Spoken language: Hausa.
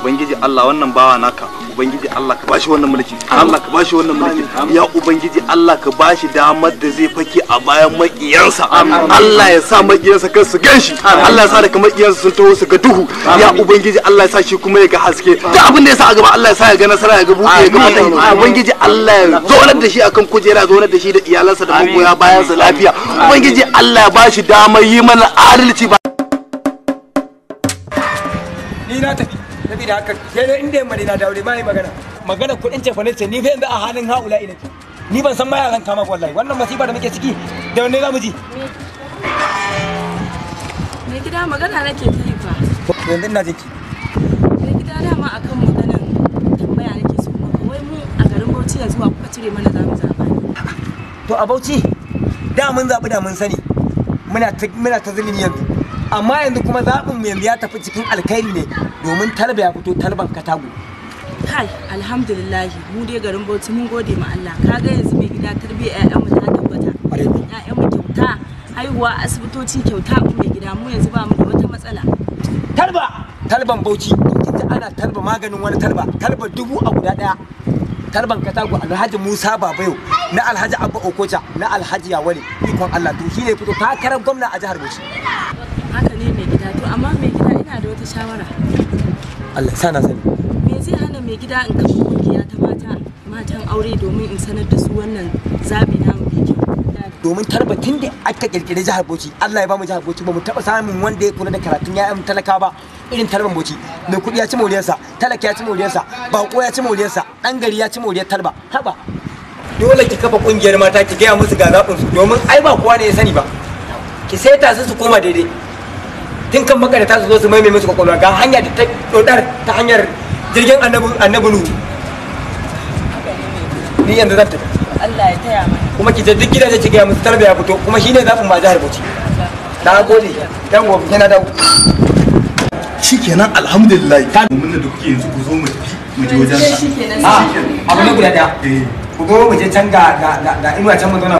ubangiji Allah wannan bawa naka ubangiji Allah ka bashi wannan mulki Allah ka bashi wannan mulki ya ubangiji Allah ka bashi damar da zai fake a bayan makiyansa Allah ya sa makiyansa kan su ganshi Allah ya sa da makiyansa sun taho su ga duhu ya ubangiji Allah ya sa shi kuma ya ga haske duk abin da ya sa a gaba Allah ya sa ya ga nasara ya ga buɗe ya ga fata ubangiji Allah ya zaunar da shi akan kujera zaunar da shi da iyalansa da magoya bayansa lafiya ubangiji Allah ya bashi damar yi mana adalci ba ni na tafi saboda haka sai inda yamma na daure ma magana magana kuɗin cefa ne ce ni fa yanzu a halin haula ina ke ni ban san ma yaran kama wallahi wannan masifa da muke ciki da wanne zamu ji me gida magana nake fa yanzu ina jiki me gida dama akan maganar tambaya nake so wai mu a garin Bauchi yanzu wa kuka cire mana zamu zaba to a Bauchi da mun zabi da mun sani muna ta muna ta zulmi yanzu amma yanzu kuma zaɓin yanzu ya tafi cikin alkhairi ne domin talba ya fito talban katago kai alhamdulillah mu dai garin bauchi mun gode ma Allah kaga yanzu mai gida tarbiyyar ƴaƴanmu ta tabbata ƴaƴanmu kyauta haihuwa asibitoci kyauta mu mai gida mu yanzu ba mu da wata matsala talba talban bauchi kinta ana talba maganin wani talba talba dubu a guda daya talban katago alhaji musa babayo na alhaji abba okocha na alhaji yawale ikon allah to shine fito takarar gwamna a jihar bauchi haka ne mai gida to amma mai gida ina da wata shawara Allah sana sani me zai hana mai gida in kafa kungiya ta mata matan aure domin in sanar da su wannan zabi na mu domin tarbatin da aka kirkire jihar Bauchi Allah ya ba mu jihar Bauchi ba mu taba samun wanda ya kula da karatun ya'yan talaka ba irin tarban Bauchi mai kudi ya ci sa talaka ya ci sa bako ya ci sa dan gari ya ci moriyar talba haba dole ki kafa kungiyar mata ki gaya musu ga zabin su domin ai ba kowa ne ya sani ba ki saita su su koma daidai tun kan makarata ta zo su mai mai musu kwakwalwa ga hanya da ta dodar ta hanyar jirgin annabi nuhu ni yanzu zan tafi Allah ya taya mai kuma ki je duk gidaje ki ga musu tarbiya fito kuma shine zafin ma jihar Bauchi na gode dan gobe yana da shikenan alhamdulillah ta mun da duk yanzu ku zo mu mu je wajen sa a ah, abu ne guda daya eh. ku zo mu je can ga ga ga inuwa can mu zauna